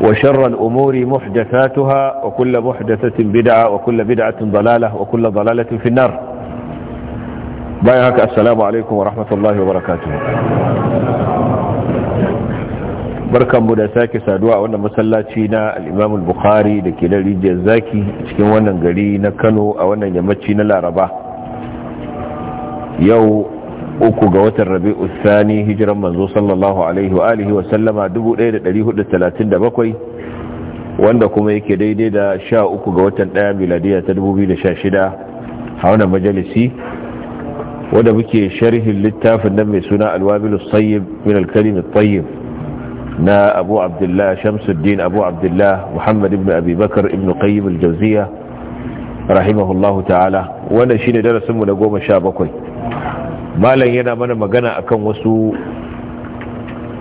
وشر الأمور محدثاتها وكل محدثة بدعة وكل بدعة ضلالة وكل ضلالة في النار بايعك السلام عليكم ورحمة الله وبركاته barkan mu da sake saduwa a wannan masallaci na al-Imam al-Bukhari da ke da rijiyar zaki cikin wannan gari na Kano a wannan yammaci na Laraba yau uku ga watan rabi'u sani hijiran manzo sallallahu alaihi wa alihi wa sallama 1437 wanda kuma yake daidai da 13 ga watan 1 miladiya ta 2016 a wannan majalisi wanda muke sharhin littafin nan mai suna alwabilu sayyib min alkalim at-tayyib na abu abdullah shamsuddin abu abdullah muhammad ibn abi bakr ibn qayyim al-jawziya rahimahullahu ta'ala wannan shine darasin mu na 17 malam yana mana magana akan wasu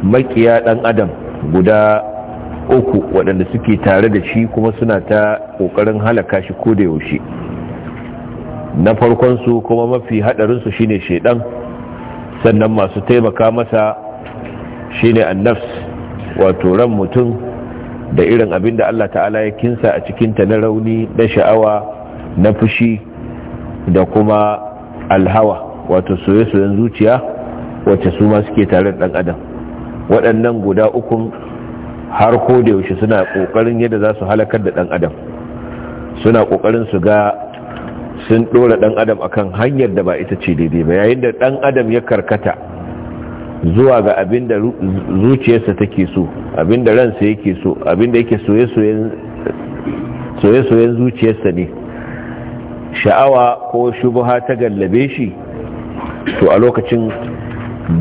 makiya dan adam guda uku waɗanda suke tare da shi kuma suna ta ƙoƙarin halaka shi ko da yaushe na farkonsu kuma mafi haɗarinsu shine shaidan sannan masu taimaka masa shine annafs wato ran mutum da irin abin da Allah ta'ala ya kinsa a cikinta na rauni na sha'awa na fushi da kuma alhawa wato soye-soyen zuciya wacce su ma suke tare da ɗan adam waɗannan guda uku har ko da yaushe suna ƙoƙarin yadda za su halakar da ɗan adam suna ƙoƙarin su ga sun ɗora ɗan adam akan hanyar da ba ita ce daidai ba yayin da ɗan adam ya karkata zuwa ga abin da zuciyarsa take so abin da ransa yake so abin da yake soye-soyen zuciyarsa ne sha'awa ko shubuha ta gallabe shi to a lokacin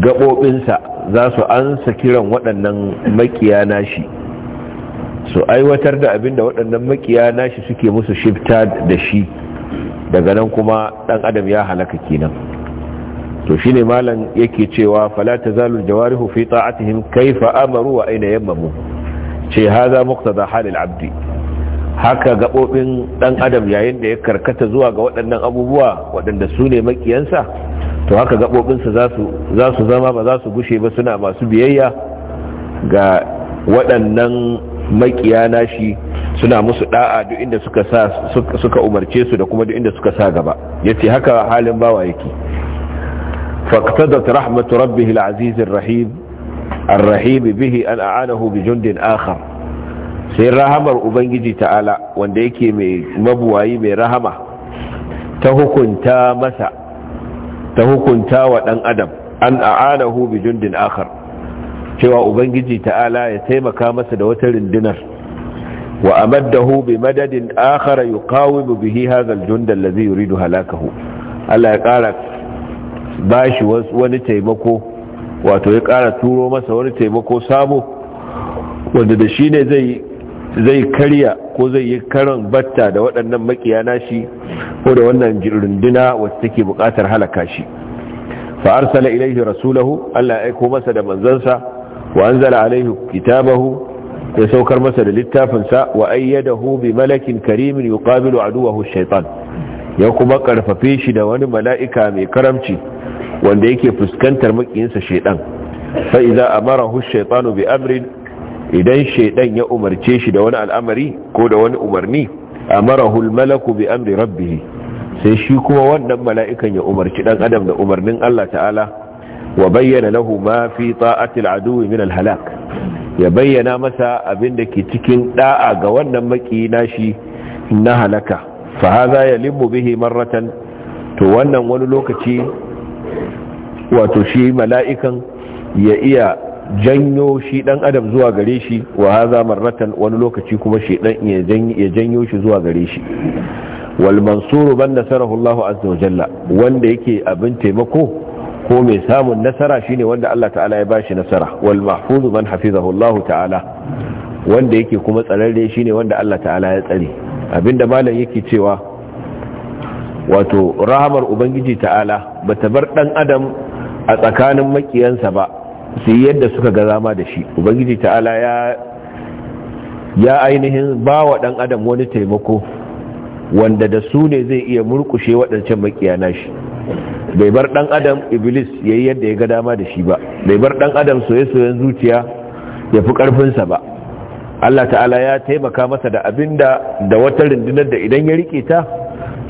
gaɓoɓinsa za su ansa kiran waɗannan makiya nashi su aiwatar da abin da waɗannan makiya nashi suke musu shifta da shi daga nan kuma ɗan adam ya halaka kenan to shi ne malam yake cewa falata zalun jawarihu hufi ta'atihim kai fa'amaru wa aina yammamu ce haza za halil abdi haka gaɓoɓin ɗan adam yayin da ya karkata zuwa ga waɗannan abubuwa waɗanda su ne makiyansa to haka gaɓoɓinsa za su zama ba za su gushe ba suna masu biyayya ga waɗannan makiya nashi suna musu da'a duk inda suka umarce su da kuma duk inda suka sa gaba yace haka halin bawa yake faqtadat rahmatu rabbih aziz ar-rahim bihi an a'anahu bi jundin akhar sai rahamar ubangiji ta'ala wanda yake mai mabuwayi mai rahama ta hukunta masa ta hukunta wa ɗan adam an a'anahu bi jundin akhar cewa ubangiji ta'ala ya taimaka masa da wata rundunar wa da bi madadin akhara yuqawimu bihi hadha al-jund allazi yuridu halakahu Allah ya ƙara bashi wani taimako wato ya ƙara turo masa wani taimako sabo wanda da shi ne zai zai karya ko zai yi karan batta da waɗannan makiya nashi ko da wannan runduna wacce take buƙatar halaka shi fa arsala ilaihi rasulahu Allah ya aiko masa da manzansa wa anzala alaihi kitabahu ya saukar masa da littafinsa wa ayyadahu bi malakin karimin yuqabilu aduwahu shaytan ya kuma karfafe shi da wani mala'ika mai karamci wanda yake fuskantar makiyinsa shaytan fa idza amarahu shaytanu bi amrin idan shaidan ya umarce shi da wani al'amari ko da wani umarni amarahu al-malaku bi amri rabbih sai shi kuma wannan mala'ikan ya umarci dan adam da umarnin Allah ta'ala wa bayyana lahu ma fi ta'atil aduwi min al-halak ya bayyana masa abin da ke cikin da'a ga wannan maki nashi na halaka fa hadha yalimmu bihi marratan to wannan wani lokaci wato shi mala'ikan ya iya janyo shi dan adam zuwa gare shi wa haza marratan wani lokaci kuma dan ya janyo shi zuwa gare shi wal mansuru ban nasarahu Allah azza wa jalla wanda yake abin taimako ko mai samun nasara shine wanda Allah ta'ala ya bashi nasara wal mahfuz ban hafizahu Allah ta'ala wanda yake kuma tsararre shine wanda Allah ta'ala ya tsare abinda malam yake cewa wato rahamar ubangiji ta'ala bata bar dan adam a tsakanin makiyansa ba su yi yadda suka ga zama da shi ubangiji ta'ala ya ya ainihin ba wa ɗan adam wani taimako wanda da su ne zai iya murkushe waɗancan makiyana shi bai bar ɗan adam iblis ya yi yadda ya ga dama da shi ba bai bar ɗan adam soye-soyen zuciya ya fi ƙarfinsa ba Allah ta'ala ya taimaka masa da abinda da wata rundunar da idan ya rike ta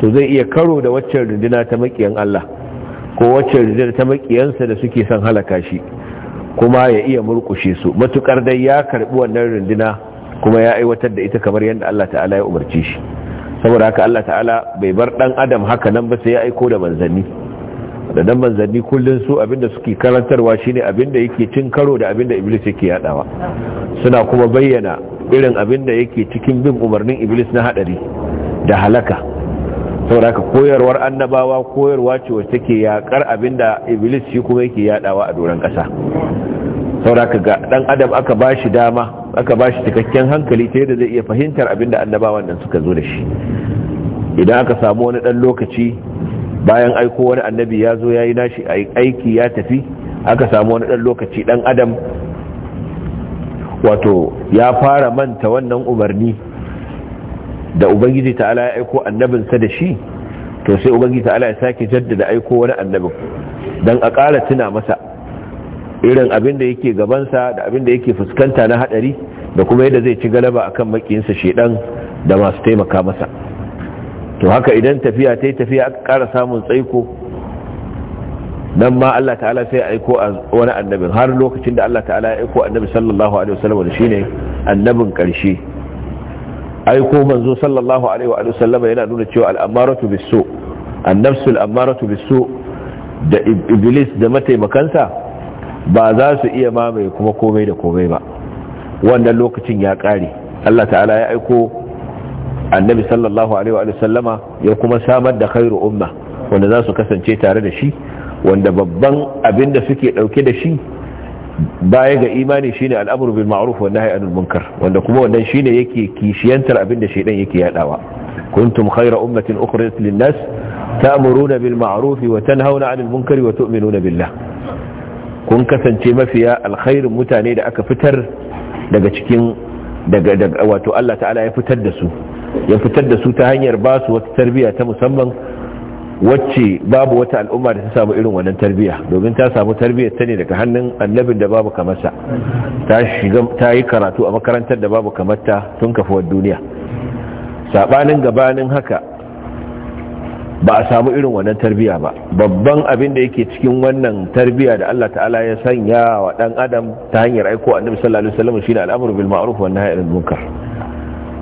to zai iya karo da waccan runduna ta makiyan Allah ko waccan runduna ta makiyansa da suke son halaka shi kuma ya iya murkushe su matukar dai ya karbi wannan runduna kuma ya aiwatar da ita kamar yadda Allah ta'ala ya umarci shi saboda haka Allah ta'ala bai bar dan adam haka nan ba sai ya aiko da manzanni da dan manzanni kullun su abinda suke karantarwa shine abinda yake cin karo da abinda iblis yake yadawa suna kuma bayyana irin abinda yake cikin bin umarnin iblis na hadari da halaka saboda haka koyarwar annabawa koyarwa ce wacce take yakar abinda iblis shi kuma yake yadawa a doron kasa saboda haka ga dan adam aka bashi dama aka bashi cikakken hankali ta yadda zai iya fahimtar abinda annabawan nan suka zo da shi idan aka samu wani dan lokaci bayan aiko wani annabi ya zo ya yi nashi aiki ya tafi aka samu wani dan lokaci dan adam wato ya fara manta wannan umarni da ubangiji ta'ala ya aiko annabinsa da shi to sai ubangiji ta'ala ya sake jaddada aiko wani annabin don a ƙara tuna masa irin abin da yake gabansa da abin da yake fuskanta na hadari da kuma yadda zai ci galaba akan makiyinsa shedan da masu taimaka masa to haka idan tafiya ta yi tafiya aka ƙara samun tsaiko nan ma Allah ta'ala sai aiko a wani annabin har lokacin da Allah ta'ala ya aiko annabi sallallahu alaihi wasallam da shine annabin ƙarshe aiko manzo sallallahu alaihi wa sallama yana nuna cewa al'amaratu bisu annafsul amaratu bisu da iblis da mataimakansa ba za su iya mamaye kuma komai da komai ba wannan lokacin ya kare Allah ta'ala ya aiko annabi sallallahu alaihi wa sallama ya kuma samar da khairu umma wanda za su kasance tare da shi wanda babban abin da suke dauke da shi baya ga imani shine al'amru bil ma'ruf wan nahy anil munkar wanda kuma wannan shine yake kishiyantar abinda shedan yake yadawa kuntum khayra ummatin ukhrijat lin nas ta'muruna bil ma'ruf wa tanhauna 'anil munkari wa tu'minuna billah kun kasance mafiya alkhairin mutane da aka fitar daga cikin daga wato Allah ta'ala ya fitar da su ya fitar da su ta hanyar ba su wata tarbiyya ta musamman wacce babu wata al'umma da ta samu irin wannan tarbiya domin ta samu tarbiyar ta ne daga hannun annabin da babu kamarsa ta shiga ta yi karatu a makarantar da babu kamarta tun kafuwar duniya sabanin gabanin haka ba a samu irin wannan tarbiya ba babban abin da yake cikin wannan tarbiya da Allah ta'ala ya sanya wa dan adam ta hanyar aiko annabi sallallahu alaihi wasallam shine al'amru bil ma'ruf wan nahyi anil munkar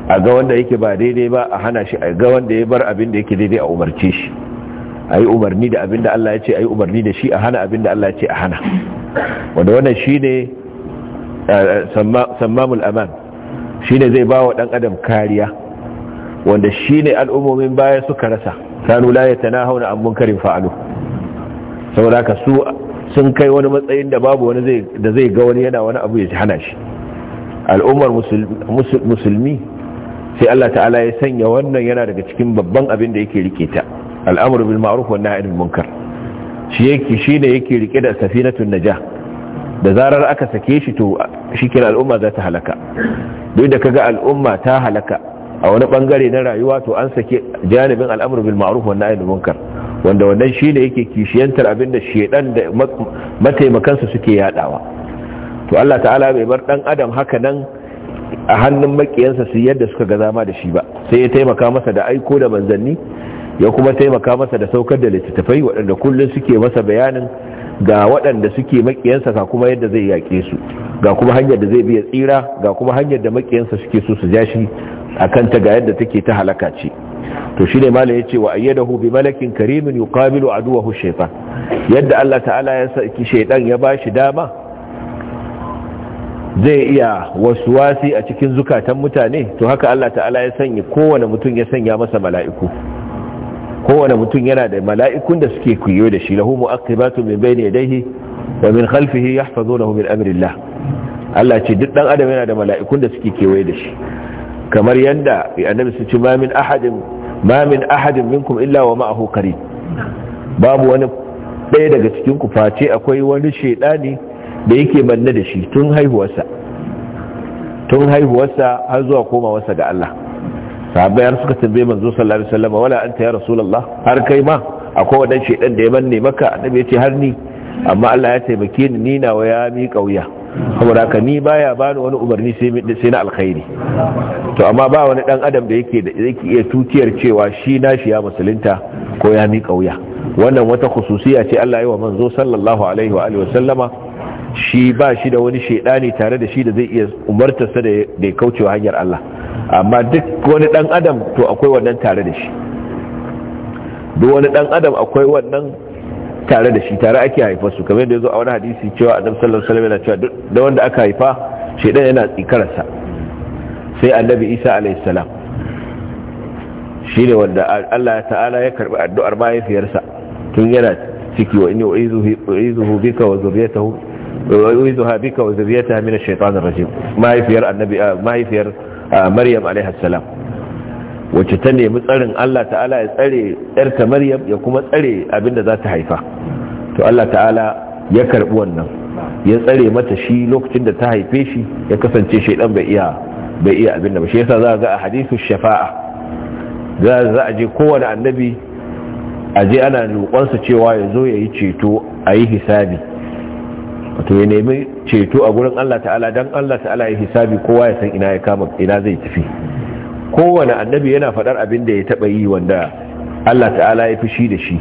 a ga wanda yake ba daidai ba a hana shi a ga wanda ya bar abin da yake daidai a umarce shi a yi umarni da abin da Allah ya ce a yi umarni da shi a hana abin da Allah ya ce a hana wanda wannan shi ne eh, sammamul aman shi ne zai ba wa ɗan adam kariya wanda shi ne al'ummomin baya suka rasa sanu la ya tana hauna an karin fa'alu saboda ka su sun kai wani matsayin da babu wani da zai ga wani yana wani abu ya hana shi al'ummar musulmi sai Allah ta'ala ya sanya wannan yana daga cikin babban abin da yake rike ta Al'amur bil ma'ruf wan nahy munkar shi shi ne yake rike da safinatun najah da zarar aka sake shi to shikin al'umma za ta halaka duk da kaga al'umma ta halaka a wani bangare na rayuwa to an sake janibin al'amru bil ma'ruf wan nahy munkar wanda wannan shi ne yake kishiyantar abinda shedan da mataimakansa suke yaɗawa. to Allah ta'ala bai bar ɗan adam haka nan a hannun maƙiyansa su yadda suka ga zama da shi ba sai ya taimaka masa da aiko da manzanni ya kuma taimaka masa da saukar da littattafai waɗanda kullum suke masa bayanin ga waɗanda suke makiyansa ga kuma yadda zai yaƙe su ga kuma hanyar da zai biya tsira ga kuma hanyar da makiyansa suke so su ja shi a kanta ga yadda take ta halaka ce to shi ne malam ya ce wa ayyadahu bi malakin karimin yuqabilu aduwahu shaytan yadda Allah ta'ala ya saki shaytan ya ba shi dama zai iya wasi a cikin zukatan mutane to haka Allah ta'ala ya sanya kowane mutum ya sanya masa mala'iku kowane mutum yana da mala'ikun da suke kuyo da shi lahu mu'aqibatu min bayni yadayhi wa min khalfihi yahfazunahu min amrillah Allah ce duk dan adam yana da mala'ikun da suke kewaye da shi kamar yanda annabi su ce ma min ahadin ma min ahadin minkum illa wa ma'ahu qarin babu wani daya daga cikin ku face akwai wani shedani da yake manne da shi tun haihuwarsa tun haihuwarsa har zuwa komawarsa ga Allah sahabai har suka tambaye manzo sallallahu alaihi wasallam wala anta ya rasulullah har kai ma akwai wadan shedan da ya manne maka annabi yace har ni amma Allah ya taimake ni ni na ya mi kauya saboda ka ni baya bani wani umarni sai sai na alkhairi to amma ba wani dan adam da yake da yake iya tutiyar cewa shi na shi ya musulunta ko ya mi kauya wannan wata khususiya ce Allah ya yi wa manzo sallallahu alaihi wa alihi wasallama shi ba shi da wani shaidani tare da shi da zai iya umartarsa da ya kauce wa hanyar Allah amma duk wani dan adam to akwai wannan tare da shi duk wani dan adam akwai wannan tare da shi tare ake haifar su kamar yadda yazo a wani hadisi cewa annabi sallallahu alaihi wasallam yana cewa duk da wanda aka haifa shaidan yana tsikararsa sai annabi Isa alaihi salam ne wanda Allah ta'ala ya karbi addu'ar mahaifiyarsa tun yana ciki wa inni u'izuhu bika wa zurriyatahu ويعيذها بك وذريتها من الشيطان الرجيم ما يفير النبي ما يفير مريم عليه السلام ta nemi tsarin Allah ta'ala ya tsare yarta Maryam ya kuma tsare abinda za ta haifa to Allah ta'ala ya karbi wannan ya tsare mata shi lokacin da ta haife shi ya kasance shaidan bai iya bai iya abinda ba shi yasa za ga a hadisu shafa'a za za a je kowane annabi a je ana roƙon cewa ya zo ya yi ceto a yi hisabi to ya nemi ceto a gurin Allah ta'ala dan Allah ta'ala ya hisabi kowa ya san ina ya kama ina zai tafi kowane annabi yana faɗar abin da ya taɓa yi wanda Allah ta'ala ya fushi da shi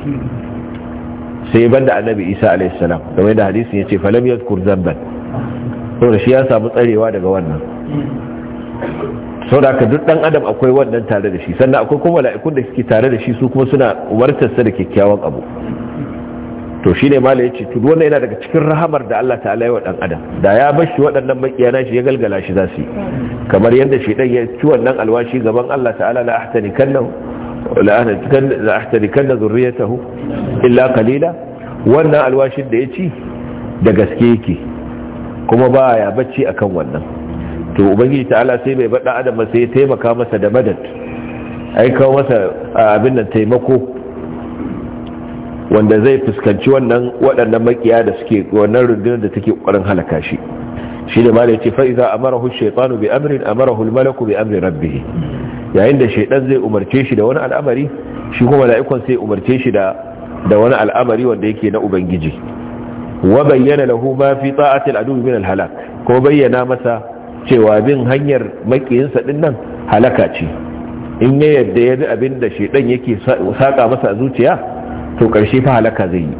sai ban da annabi Isa alaihi salam kamar da hadisin yace falam yadhkur zamban saboda shi ya samu tsarewa daga wannan sau da duk dan adam akwai wannan tare da shi sannan akwai kuma la'ikun da suke tare da shi su kuma suna wartarsa da kyakkyawan abu to shi ne mala ya ce tudu wannan yana daga cikin rahamar da Allah ta'ala yi wa ɗan adam da ya bar shi waɗannan makiyana shi ya galgala shi za su yi kamar yadda shi ɗan ya ci wannan alwashi gaban Allah ta'ala la ahtani kan na kanna zurriyatahu illa kalila. wannan alwashin da ya ci da gaske yake kuma ba ya bacci akan wannan to ubangiji ta'ala sai mai bada adam sai ya taimaka masa da madad ai masa abin nan taimako wanda zai fuskanci wannan waɗannan makiya da suke wannan rundunar da take ƙoƙarin halaka shi shi da malai ce fa'iza amarahu shaitanu bi amrin amarahu malaku bi amrin rabbih yayin da shaitan zai umarce shi da wani al'amari shi kuma mala'ikun sai umarce shi da da wani al'amari wanda yake na ubangiji wa bayyana lahu ma fi ta'ati min al-halak ko bayyana masa cewa bin hanyar makiyinsa din nan halaka ce in ya yadda ya bi abin da shaitan yake saka masa a zuciya to karshe fa halaka zai yi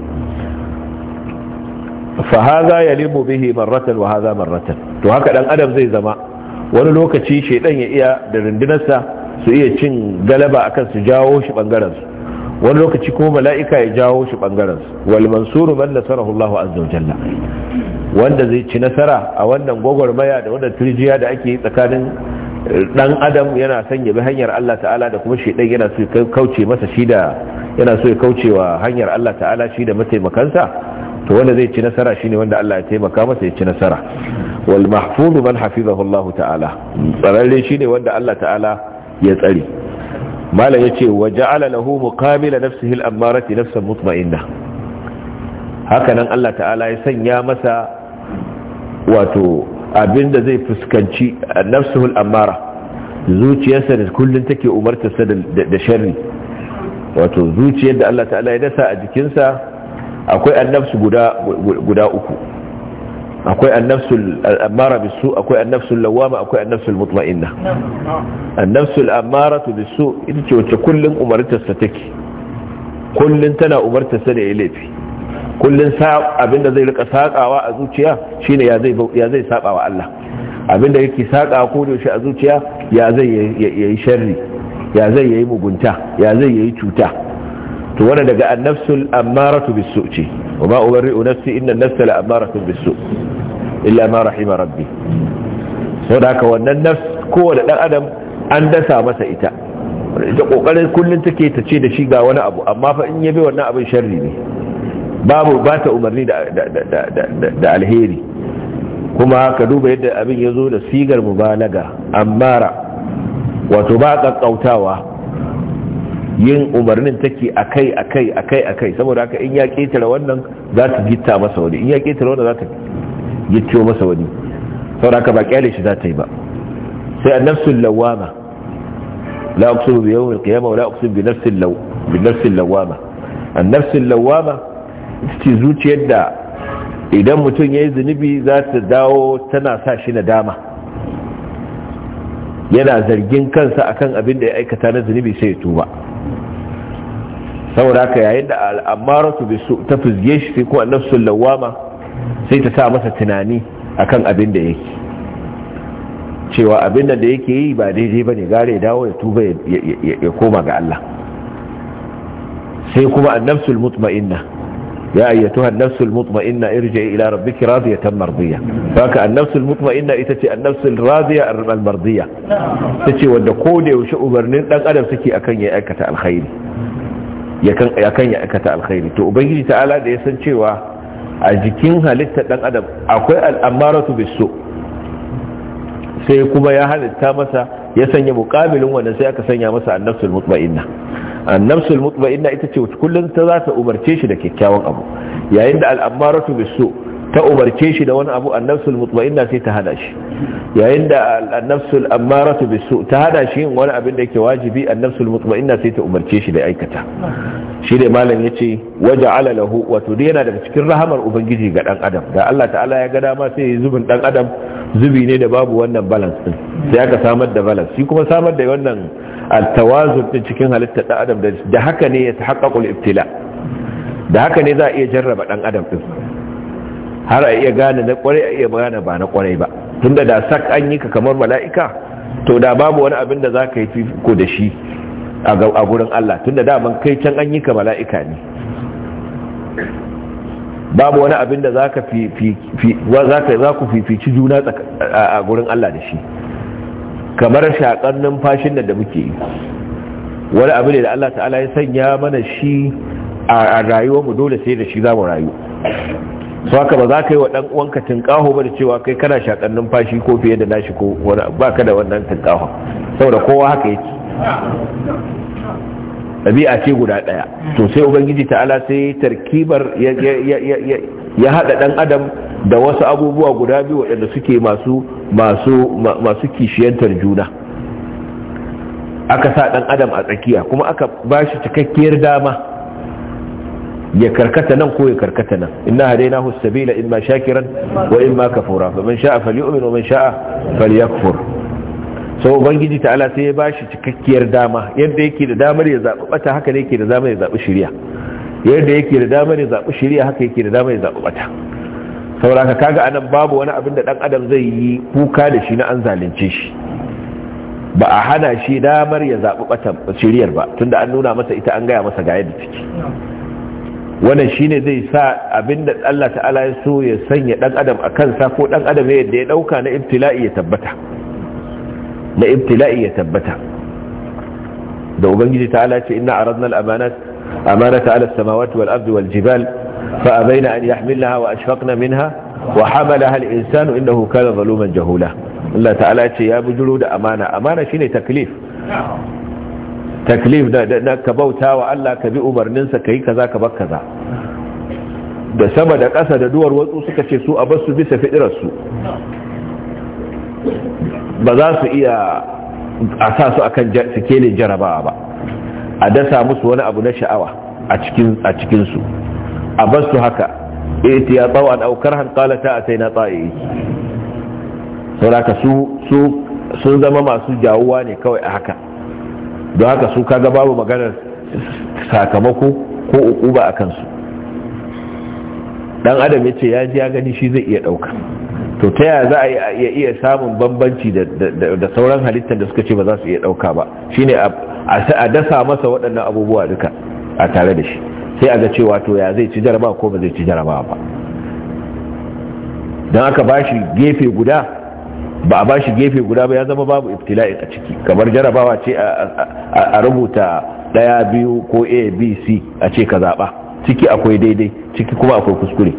fa haza yalimu bihi marratan wa haza marratan to haka dan adam zai zama wani lokaci shedan ya iya da rundunarsa su iya cin galaba akan su jawo shi bangaren su wani lokaci kuma mala'ika ya jawo shi bangaren su wal mansuru man nasarahu Allahu azza wa jalla wanda zai ci nasara a wannan gwagwarmaya da wannan turjiya da ake yi tsakanin dan adam yana son ya bi hanyar Allah ta'ala da kuma shedan yana so ya kauce masa shi da yana so ya kauce wa hanyar Allah ta'ala shi da mataimakansa to wanda zai ci nasara ne wanda Allah ya taimaka masa ya ci nasara wal mahfuz man hafizahu Allah ta'ala shi shine wanda Allah ta'ala ya tsare malam yace wa ja'ala lahu muqamila nafsihi al-ammarati nafsan mutma'inna hakanan Allah ta'ala ya sanya masa wato abinda zai fuskanci nafsuhul amara zuciyarsa da kullum take umartarsa da sharri wato zuciyar da Allah ta'ala ya dasa a jikinsa akwai annafsu guda guda uku akwai annafsul amara bisu akwai annafsul lawama akwai annafsul mutma'inna annafsul amara bisu ita ce wacce kullum umartarsa take kullum tana umartarsa da ya laifi Kullum abinda zai rika sakawa a zuciya shine ya zai ya zai sabawa Allah abinda yake sakawa ko da shi a zuciya ya zai yayi sharri ya zai yayi mugunta ya zai yayi cuta to wannan daga an-nafsul ammaratu bis ce wa ma ubarri'u nafsi inna an-nafsa la'ammaratu bis bisu. illa ma rahima rabbi saboda wannan nafs kowane dan adam an dasa masa ita ita kokarin kullun take ta ce da shi ga wani abu amma fa in yabi wannan abin sharri ne babu ba ta umarni da alheri kuma ka duba yadda abin ya zo da sigar mubalaga ammara wato ba ƙaƙƙautawa yin umarnin take akai akai akai akai saboda haka in ya ƙetare wannan za ta gitta masa wani in ya ƙetare wannan za ta gittiyo masa wani saboda haka ba kyale shi za ta yi ba sai a nafsun lawama la uqsimu bi yawmil qiyamah wa la uqsimu bi nafsin lawama an nafsin lawama ce zuciyar da idan mutum ya yi zunubi za ta dawo tana sa shi na dama. yana zargin kansa akan abin da ya aikata na zunubi sai ya tuba saboda haka yayin da al'amaratu ta fizge shi sai kuma nafsul lawama sai ta sa masa tunani akan abin da yake cewa abin da yake yi ba daidai ba ne, gare ya dawo ya tuba ya koma ga Allah sai kuma annabsul mutma'inna ya ayyatuha an-nafsul mutma'inna irji'i ila rabbiki radiyatan mardiya haka an-nafsul mutma'inna ita ce an-nafsul radiya al-mardiya tace wanda ko da yaushe ubarnin dan adam suke akan ya aikata alkhairi to ubangiji ta ala da ya san cewa a jikin halitta dan adam akwai al'amaratu bisu sai kuma ya halitta masa ya sanya mukabilin wannan sai aka sanya masa annafsul mutma'inna annafsul mutma'inna ita ce kullum ta za ta umarce shi da kyakkyawan abu yayin da al'amaratu bisu ta umarce shi da wani abu annafsul mutma'inna sai ta hada shi yayin da annabsu al'amaratu bisu ta hada shi wani abin da yake wajibi annafsul mutma'inna sai ta umarce shi da aikata shi ne malam yace waja'ala lahu wato dai yana daga cikin rahamar ubangiji ga dan adam da Allah ta'ala ya ga dama sai zubin dan adam zubi ne da babu wannan balance din sai aka samar da balance shi kuma samar da wannan التوازن في cikin halitta dan adam da haka ne ya tahaqqaqul ibtila da haka ne za a iya jarraba dan adam din har a iya gane na kwarai a iya gane ba na kwarai ba tunda da sak an yi ka kamar mala'ika to da babu wani abin da zaka yi ko da shi a gurin Allah tunda da ban kai can an yi ka mala'ika ne babu wani abin da zaka fi fi za ku fifici juna a gurin Allah da shi kamar shakan numfashin da muke yi wani abu ne da Allah ta'ala ya sanya mana shi a rayuwar mu dole sai da shi za mu rayu so haka ba za ka yi wa ɗan uwanka tinkaho ba da cewa kai kana shakan numfashi ko fiye da nashi ko wani ba ka da wannan tinkaho saboda kowa haka yake a ce guda ɗaya to sai ubangiji ta'ala sai tarkibar ya haɗa ɗan adam da wasu abubuwa guda biyu waɗanda suke masu masu masu kishiyantar juna aka sa ɗan adam a tsakiya kuma aka ba shi cikakkiyar dama ya karkata nan ko ya karkata nan inna hadaina hu sabila in ma shakiran wa in ma kafura fa man sha'a falyu'min wa man sha'a falyakfur so ubangiji ta'ala sai ya ba shi cikakkiyar dama yadda yake da damar ya zaɓi bata haka ne yake da damar ya zaɓi shari'a yadda yake da damar ya zaɓi shari'a haka yake da damar ya zaɓi bata sauraka kaga anan babu wani abin da dan adam zai yi kuka da shi na an zalunce shi ba a hana shi damar ya zaɓi ɓatan shiriyar ba tunda an nuna masa ita an gaya masa ga yadda take wannan shine zai sa abin da Allah ta'ala ya so ya sanya dan adam a kansa ko dan adam yadda ya dauka na ibtila'i ya tabbata na ibtila'i ya tabbata da ubangiji ta'ala ce inna aradna al-amanat ala samawati wal ardi wal jibal baina فأبين أن يحملها وأشفقنا منها وحملها الإنسان إنه كان ظلوما جهولا الله ya bi بجلود da amana, شيني تكليف taklif na ka bauta wa Allah ka bi umarninsa ka yi kaza ka bar kaza da sama da ƙasa da duwar suka ce su a basu bisa fiɗirarsu ba za su iya a sa su akan sikelin jarabawa ba a dasa musu wani abu na sha'awa a cikinsu abastu haka iti eh, ya tsawo an aukar hankala ta a sai na tsaye Saura su sun zama masu jawuwa ne kawai a haka don haka su kaga babu maganar sakamako ko ba a kansu dan adam ya ce ya ji ya gani shi zai iya ɗauka to ta yaya za a iya samun bambanci da sauran halittar da suka ce ba za su iya ɗauka ba shine a dasa masa waɗannan abubuwa duka a tare da shi sai a ga cewa to ya zai ci jaraba ko ba zai ci jaraba ba don aka bashi gefe guda ba a bashi gefe guda ba ya zama babu ibtila'i a ciki kamar jarabawa ce a rubuta daya biyu ko a b c a ce ka zaɓa ciki akwai daidai ciki kuma akwai kuskure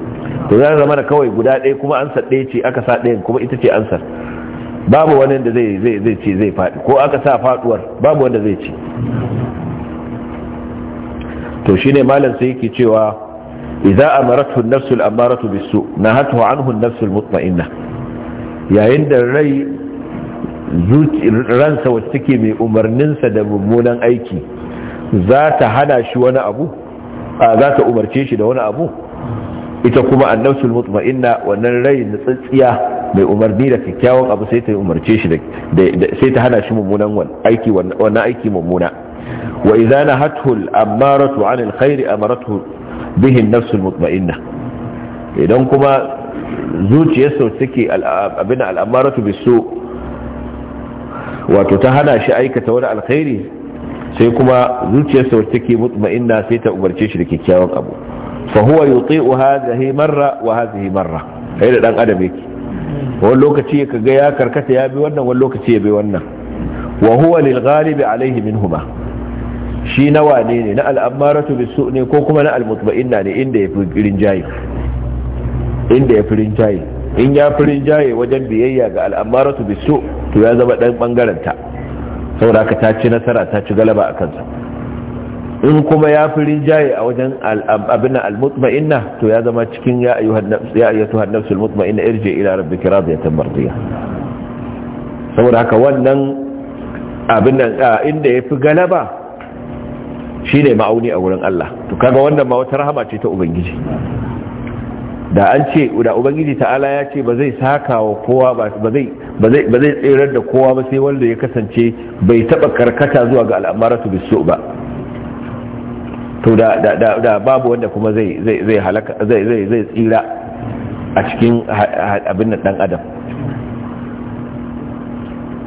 to za zama da kawai guda ɗaya kuma ansar ɗaya ce aka sa ɗayan kuma ita ce ansar babu wani da zai ce zai faɗi ko aka sa faɗuwar babu wanda zai ce to shi ne malam sai yake cewa idza amaratu an-nafsu al-amaratu bis-su nahatu anhu an-nafsu al-mutma'inna yayin da rai ransa wacce take mai umarninsa da mummunan aiki za ta hana shi wani abu za ta umarce shi da wani abu ita kuma an annabtul mutma'inna wannan rai na tsatsiya mai umarni da kyakkyawan abu sai ta umarce shi da sai ta hana shi mummunan aiki wannan aiki mummuna wa idza nahathu al-ammaratu 'an al-khair amaratu bihi an mutmainna idan kuma zuciyarsa take abin a ammaratu bisu wato ta hana shi aikata wani alkhairi sai kuma zuciyarsa wacce take mutma'inna sai ta umarce shi da kyakkyawan abu fa huwa yuti'u hadhihi marra wa hadhihi marra dan adam yake wani lokaci ya karkata ya bi wannan wani lokaci ya bi wannan wa huwa lil minhuma shi na wane ne na al'ammaratu bisu ne ko kuma na almutma'inna ne inda ya fi rinjaye inda ya fi rinjaye in ya fi rinjaye wajen biyayya ga al'ammaratu bisu to ya zama dan bangaren ta saboda ka ta ci nasara ta ci galaba a kansa in kuma ya fi rinjaye a wajen abin al-mutma'inna to ya zama cikin ya ayyatu hannafsu al-mutma'inna irje ila rabbika radiyatan mardiya saboda haka wannan abin nan inda ya fi galaba Shi ne ma'auni a wurin Allah to kaga wannan ma wata rahama ce ta ubangiji da an ce da ubangiji ta'ala ya ce ba zai saka wa kowa ba zai ba zai tsirar da kowa ba sai wanda ya kasance bai taba karkata zuwa ga al'amaratu bisu ba to da da da babu wanda kuma zai zai zai halaka zai zai zai tsira a cikin abin nan dan adam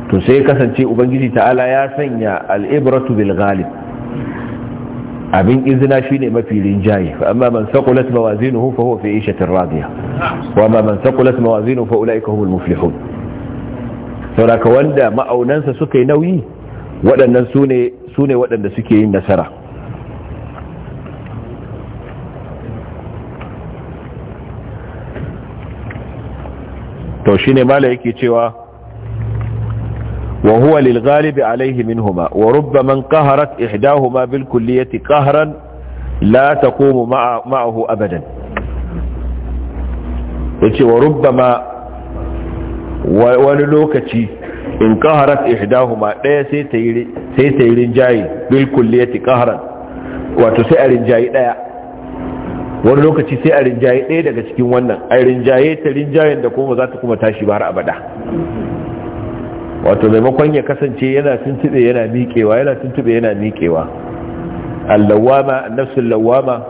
to sai kasance ubangiji ta'ala ya sanya al'ibratu bil ghalib abin izina shine mafi rinjaye fa amma man saqulat mawazinuhu fa huwa fi ishatin radiya wa amma man saqulat mawazinuhu fa ulaika humul muflihun saboda wanda ma'aunansa suka yi nauyi waɗannan sune sune waɗanda suke yin nasara to shine mala yake cewa وهو للغالب عليه منهما وربما قهرت إحداهما بالكلية قهرا لا تقوم مع معه أبدا يتي وربما ونلوكتي إن قهرت إحداهما لا سيتيرين جاي بالكلية قهرا وتسأل جاي لا wani lokaci sai a rinjaye ɗaya daga cikin wannan a rinjaye ta rinjayen da kuma za ta kuma tashi ba har abada wato maimakon ya kasance yana tuntube yana miƙewa yana tuntube yana miƙewa allawama nafsul lawama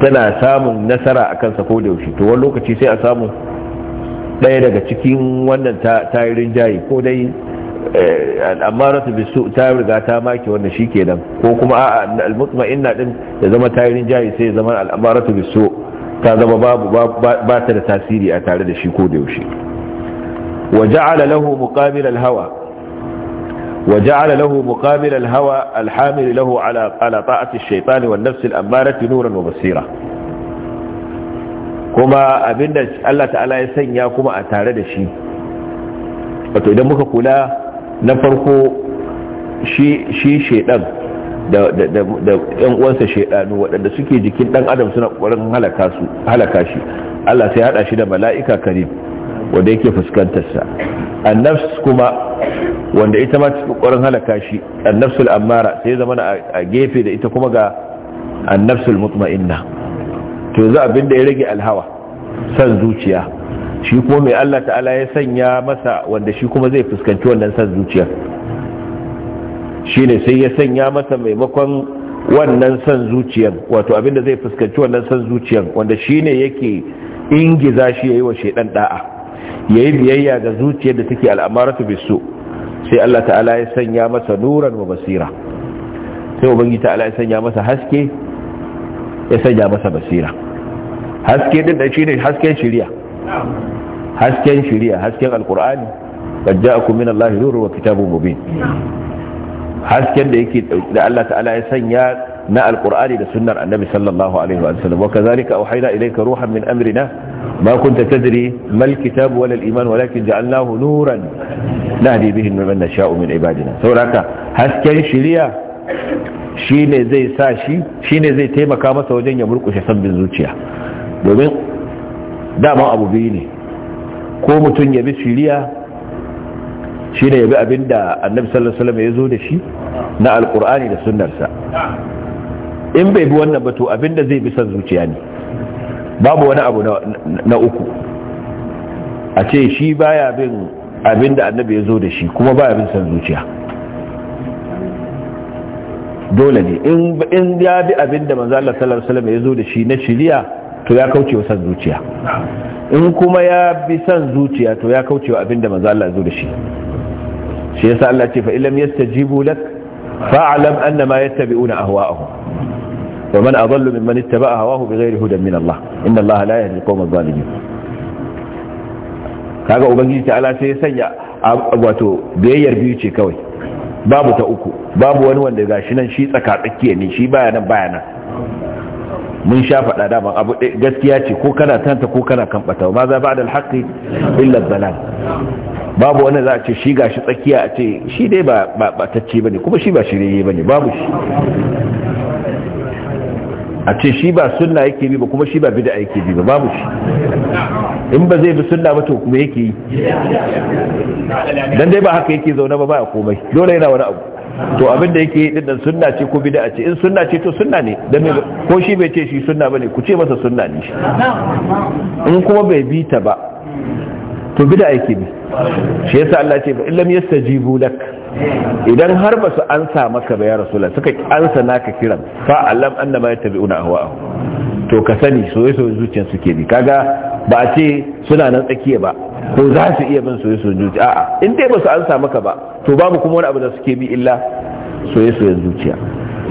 tana samun nasara a kansa ko da yaushe to wani lokaci sai a samu ɗaya daga cikin wannan tayirin jayi ko dai eh, bi su ta riga ta maki wanda shi nan ko kuma a almutma inna din ya zama tayirin jayi sai ya zama al'amaratu su ta zama babu ba ta da tasiri a tare da shi ko da yaushe wa ja'ala lahu muqabil al-hawa wa ja'ala lahu muqabil al-hawa al-hamil lahu ala wa basira kuma abinda Allah ta'ala ya sanya kuma a tare da shi wato idan muka kula na farko shi shi da yan uwansa shedanu waɗanda suke jikin ɗan adam suna ƙoƙarin halaka su shi Allah sai hada shi da mala'ika karim wanda yake fuskantarsa annafs kuma wanda ita ma cikin ƙwarin halaka shi annafsul amara. sai zama a gefe da ita kuma ga annafsul mutma'inna to yanzu abin da ya rage alhawa san zuciya shi kuma mai Allah ta'ala ya sanya masa wanda shi kuma zai fuskanci wannan san zuciya shine sai ya sanya masa maimakon wannan san zuciyan wato abin da zai fuskanci wannan san zuciyan wanda shine yake ingiza shi yayi wa shedan da'a yayi biyayya ga zuciyar da take al'amaratu bisu sai Allah ta'ala ya sanya masa nuran wa basira sai ubangiji ta'ala ya sanya masa haske ya sanya masa basira haske din da shine hasken shari'a hasken shari'a hasken alqur'ani qad ja'akum min Allah nurun wa kitabun mubin hasken da yake da Allah ta'ala ya sanya na alqur'ani da sunnar annabi sallallahu alaihi wa sallam wa kadhalika auhayna ilayka ruhan min amrina ما كنت تدري ما الكتاب ولا الإيمان ولكن جعلناه نورا نهدي به من نشاء من عبادنا سوراك هسكن شريا shine zai sa shi shine zai taimaka masa wajen ya murkushe sabbin zuciya domin dama abu biyu ne ko mutum ya bi shiriya shine ya bi abinda annabi sallallahu alaihi ya zo da shi na alqur'ani da sunnarsa in bai bi wannan ba to abinda zai bi san zuciya ne babu wani abu na uku a ce shi baya bin abin da annabi ya zo da shi kuma baya bin san zuciya dole ne in ya bi abin da manzo Allah sallallahu ya zo da shi na shiriya to ya kauce wa san zuciya in kuma ya bi san zuciya to ya kauce wa abin da manzo ya zo da shi shi ya sa Allah ce fa illam yastajibu lak fa'lam annama yattabi'una ahwa'ahum wa man adallu mimman ittaba'a hawahu bighairi hudan min Allah inna Allah la yahdi al-qawma adh-dhalimin kaga ubangiji ta ala sai ya sanya wato biyayyar biyu ce kawai babu ta uku babu wani wanda gashi nan shi tsaka tsakiya ne shi baya nan baya nan mun sha faɗa da ban abu gaskiya ce ko kana tanta ko kana kamɓata ma za ba da alhaƙi illar balal babu wani za a ce shi gashi tsakiya a ce shi dai ba tacce ba ne kuma shi ba shirye ba ne babu shi a ce shi ba sunna yake bi ba kuma shi ba bid'a yake bi ba babu shi in ba zai bi sunna ba to kuma yake yi dan dai ba haka yake zaune ba ba komai dole yana wani abu to abin da yake din sunna ce ko bid'a ce in sunna ce to sunna ne dan ko shi bai ce shi sunna bane ku ce masa sunna ne in kuma bai bi ta ba to bid'a yake bi shi yasa Allah ce ba illam yastajibu lak idan har ba su ansa maka ba ya rasula suka ansa naka kiran fa alam annama yattabi'una ahwa'ahum to ka sani soye soyayya zuciyar su ke bi kaga ba a ce suna nan tsakiya ba ko za su iya bin soye soyayya zuciya a'a in dai ba su ansa maka ba to babu kuma wani abu da suke bi illa soye soyayya zuciya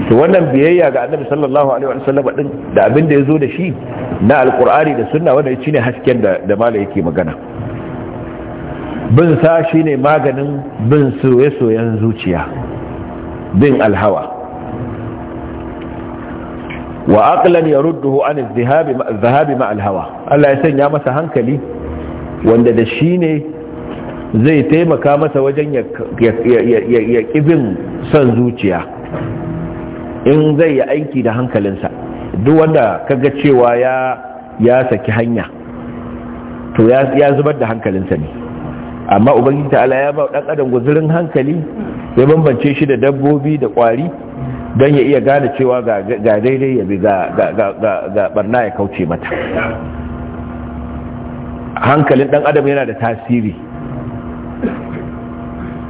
to wannan biyayya ga annabi sallallahu alaihi wa din da abin da yazo da shi na alqur'ani da sunna wanda shine hasken da da malai yake magana bin sa ne maganin bin soye-soyen zuciya bin alhawa wa aqlan yarudduhu an adh ma alhawa. Allah ya sanya masa hankali wanda da shi ne zai taimaka masa wajen ya kibin son zuciya in zai yi aiki da hankalinsa duk wanda kaga cewa ya saki hanya to ya zubar da hankalinsa ne amma ubangiji ta'ala ya ba dan adam guzurin hankali ya bambance shi da dabbobi da kwari don ya iya gane cewa ga daidai ya bi ga barna ya kauce mata hankalin dan adam yana da tasiri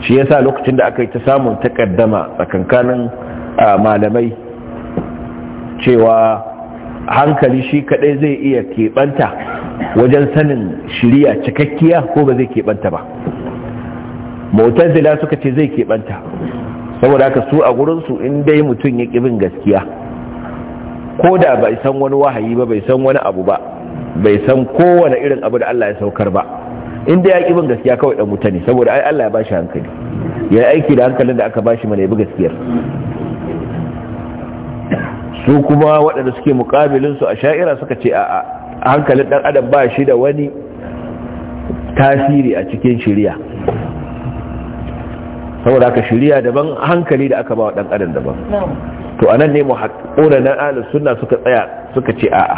shi yasa lokacin da aka yi ta samun takaddama tsakankanin malamai cewa hankali shi kadai zai iya keɓanta wajen sanin shirya cikakkiya ko ba zai keɓanta ba Motar zila suka ce zai keɓanta saboda haka su a gurinsu in dai mutum ya bin gaskiya ko da bai san wani wahayi ba bai san wani abu ba bai san kowane irin abu da Allah ya saukar ba Inda ya kibin bin gaskiya kawai dan mutane saboda ai Allah ya bashi hankali ya aiki da hankalin da aka bashi mana ya bi gaskiyar su kuma waɗanda suke mukabilinsu a sha'ira suka ce a hankalin ɗan adam ba shi da wani tasiri a cikin shirya saboda aka shirya daban hankali da aka ba wa ɗan adam daban to a nan ne mu haƙura na alin suna suka tsaya suka ce a'a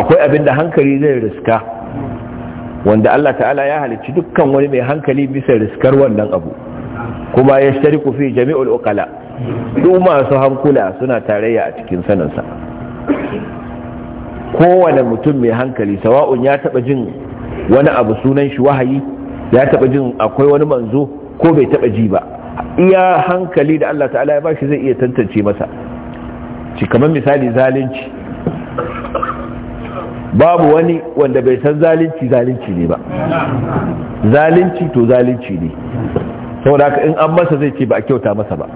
akwai abin da hankali zai riska wanda Allah ta'ala ya halicci dukkan wani mai hankali bisa riskar wannan abu kuma ya shariku fi jami'ul uqala duk masu hankula suna tarayya a cikin saninsa kowane mutum mai hankali sawa'un ya taba jin wani abu sunan shi wahayi ya taba jin akwai wani manzo ko bai taba ji ba iya hankali da Allah ta'ala ya ba shi zai iya tantance masa ci kamar misali zalunci babu wani wanda bai san zalunci zalunci ne ba zalunci to zalunci ne saboda haka in an masa zai ce ba a kyauta masa ba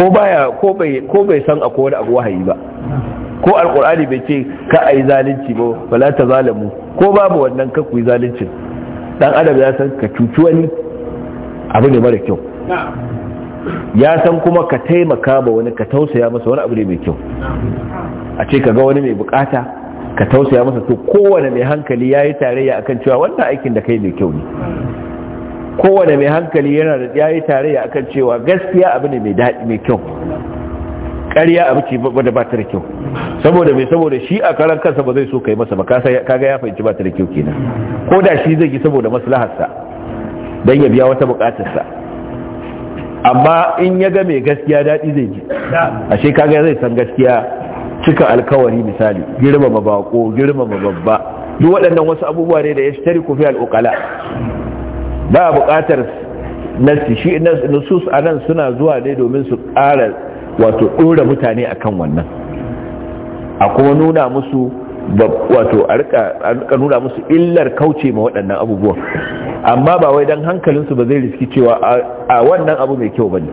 ko baya ko bai san akwai wani abu wahayi ba ko alkur'ani bai ce ka ai zalunci ba wala ta zalimu ko babu wannan ka ku zalunci dan adam ya san ka cuci wani abu ne mara kyau ya san kuma ka taimaka ba wani ka tausaya masa wani abu ne mai kyau a ce ka ga wani mai bukata ka tausaya masa to kowane mai hankali ya yi tarayya akan cewa wannan aikin da kai mai kyau ne kowane mai hankali yana da yayi tarayya akan cewa gaskiya abu ne mai daɗi mai kyau ƙarya abu ce da ba ta da kyau saboda mai saboda shi a karan kansa ba zai so kai masa ba kaga ya fahimci ba ta da kyau kenan ko da shi zai yi saboda maslaharsa don ya biya wata buƙatarsa amma in ya ga mai gaskiya daɗi zai ji ashe kaga zai san gaskiya cika alkawari misali girmama bako girmama babba duk waɗannan wasu abubuwa ne da ya shi tari kufi al'ukala ba buƙatar nassi shi nusus a nan suna zuwa ne domin su ƙara wato ɗora mutane kan wannan a kuma nuna musu wato a nuna musu illar kauce ma waɗannan abubuwan amma ba wai don hankalinsu ba zai riski cewa a wannan abu mai kyau ba ne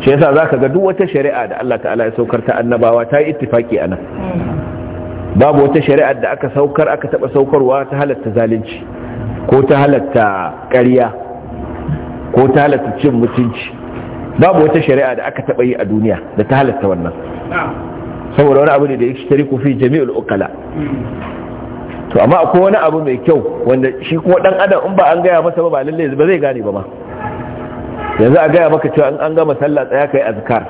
shi yasa za ka ga duk wata shari'a da Allah ta'ala ya saukar ta annabawa ta yi ittifaki a nan hmm. babu wata shari'a da aka saukar aka taɓa saukarwa ta halatta zalunci ko ta halatta ƙarya ko ta halatta cin mutunci babu wata shari'a da aka taɓa yi a duniya da ta halatta wannan saboda wani abu ne da ya shi fi jami'ul ukala to amma akwai wani abu mai kyau wanda shi kuma dan adam in ba an gaya masa ba ba lalle ba zai gane ba ma yanzu a gaya maka cewa an gama sallah tsaya kai azkar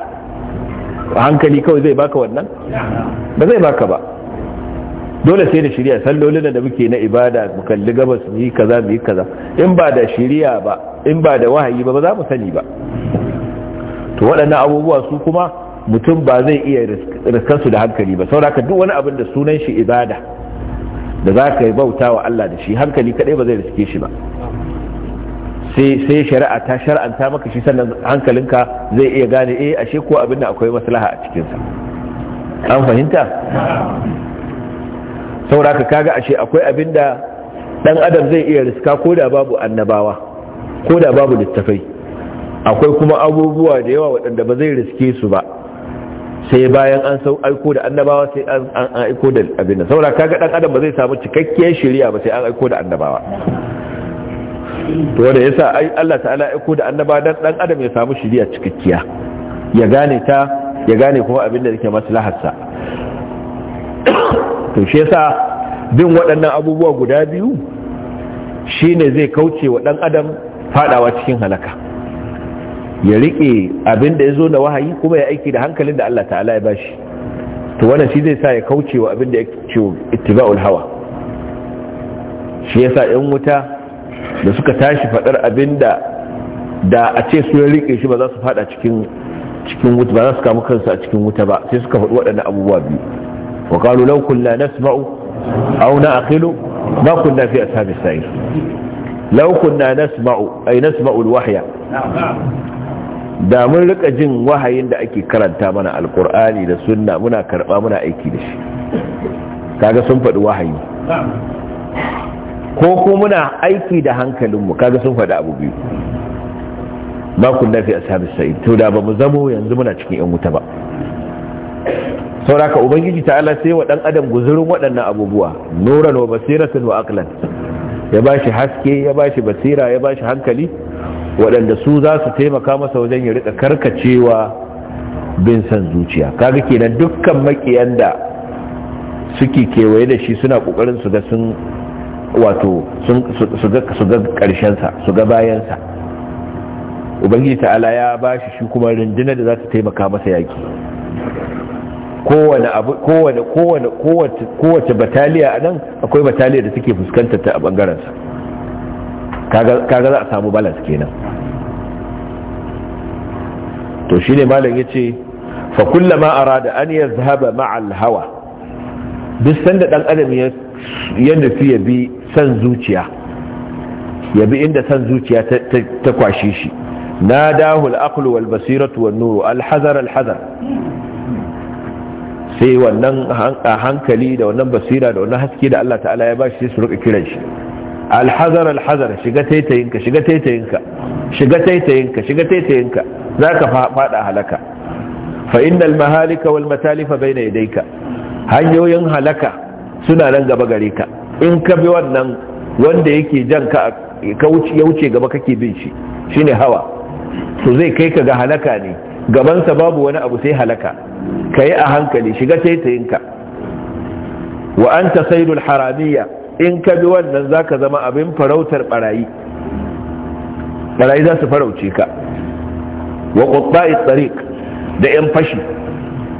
hankali kawai zai baka wannan ba zai baka ba dole sai da shirya sallolin da muke na ibada mu kalli gabas mu yi kaza mu yi kaza in ba da shirya ba in ba da wahayi ba ba za mu sani ba to waɗannan abubuwa su kuma mutum ba zai iya riskansu da hankali ba sauraka duk wani abin da sunan shi ibada da za ka bauta wa Allah da shi hankali kaɗai ba zai riske shi ba sai shari'a ta shar'anta maka shi sannan hankalinka zai iya gane eh ashe ko abin da akwai maslaha a cikinsa an fahimta saboda ka kaga ashe akwai abin da dan adam zai iya riska ko da babu annabawa ko da babu littafai akwai kuma abubuwa da yawa waɗanda ba zai riske su ba sai bayan an sau aiko da annabawa sai an aiko da abin nan saboda kaga dan adam ba zai samu cikakkiyar shari'a ba sai an aiko da annabawa to wanda yasa Allah ta'ala aiko da annaba dan dan adam ya samu shari'a cikakkiya ya gane ta ya gane kuma abin da yake sa to shi yasa bin waɗannan abubuwa guda biyu Shi ne zai kauce wa ɗan adam fadawa cikin halaka ya rike abin da ya zo da wahayi kuma ya aiki da hankalin da Allah ta'ala ya bashi to wannan shi zai sa ya kauce wa abin da ya ce ittiba'ul hawa shi yasa ɗan wuta da suka tashi faɗar abin da da a ce su rike shi ba za su fada cikin cikin wuta ba za su kamu kansu a cikin wuta ba sai suka faɗi waɗannan abubuwa biyu وقالوا لو كنا نسمع أو نعقل ما كنا في أسهاب السعير لو كنا نسمع أي نسمع الوحي da mun rika jin wahayin da ake karanta mana alkur'ani da sunna muna karba muna aiki da shi kaga sun faɗi wahayi ko ko muna aiki da hankalinmu kaga sun faɗi abu biyu ba kun nafi ashabis sai to da ba mu zamo yanzu muna cikin yan wuta ba sauraka ubangiji ta'ala sai wa dan adam guzurin waɗannan abubuwa nuran wa basiratan wa aqlan ya ba shi haske ya ba shi basira ya ba shi hankali waɗanda su za su taimaka masa wajen ya rika karkacewa bin san zuciya kaga kenan dukkan makiyan da suke kewaye da shi suna kokarin su ga sun wato su ga sa su ga bayansa ubangiji ta'ala ya bashi shi kuma rundunar da za ta taimaka masa yaki kowane abu kowane kowane kowace kowace bataliya anan akwai bataliya da take fuskantar ta a bangaren sa kaga kaga za a samu balance kenan to shine malam yace fa kullama arada an yazhaba al hawa duk sanda dan adam ya yanda nufi ya bi san zuciya ya bi inda san zuciya ta kwashe shi nadahul aqlu wal basiratu wan nuru al hazar al hazar sai wannan a hankali da wannan basira da wannan haske da Allah ta'ala ya bashi su rika kiran shi alhazar alhazar shiga taitayinka shiga taitayinka shiga taitayinka shiga taitayinka zaka fada halaka fa innal mahalika wal matalifa bayna yadayka hanyoyin halaka suna nan gaba gare ka in ka bi wannan wanda yake jan ka ya wuce gaba kake bin shi shine hawa to zai kai ka ga halaka ne Gaban sa babu wani abu sai halaka ka yi a hankali shiga taitayinka wa an ta saidul haramiya in ka bi wannan zaka zama abin farautar barayi barayi za su farauce ka wa ƙuɓɓa'i tsarik da 'yan fashi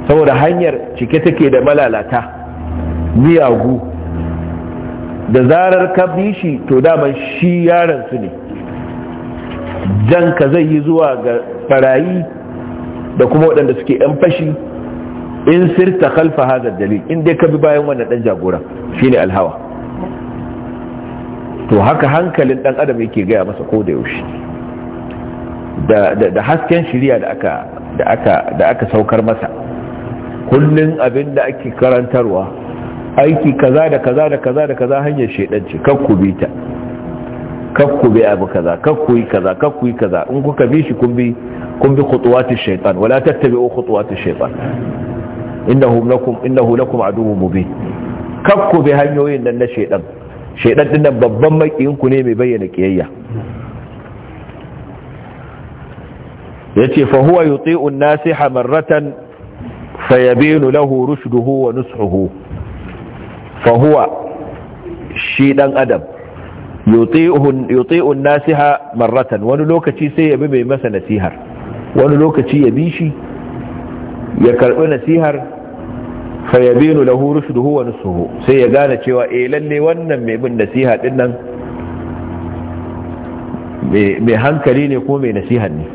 saboda hanyar cike take da malalata miyagu da zarar ka bi shi to daman shi yaran su ne janka zai yi zuwa ga farayi da kuma waɗanda suke 'yan fashi in sirta khalfa hadha dalil in dai ka bi bayan wannan dan jagora shine alhawa to haka hankalin dan adam yake gaya masa ko da yaushe da hasken shirya da aka da aka da aka saukar masa kullun abin da ake karantarwa aiki kaza da kaza da kaza da kaza hanyar shedanci kakku bi ta kakku bi abu kaza kakku yi kaza kakku yi kaza in kuka bi shi kun bi kun bi khutuwatish shaytan wala tattabi'u khutuwatish shaytan innahu lakum innahu lakum aduwwun mubin kakku bi hanyoyin nan na shedan shedan din nan babban makiyin ku ne mai bayyana kiyayya yace fa huwa yuti'u an-nasiha marratan fayabinu lahu rushduhu wa nushuhu fa huwa shi dan adam yuti'u an-nasiha marratan wani lokaci sai ya bi mai masa nasihar wani lokaci ya bi shi ya karbi nasihar fayabinu lahu rushduhu wa nusuhu sai ya gane cewa eh lalle wannan mai bin nasiha din nan mai hankali ne ko mai nasiha ne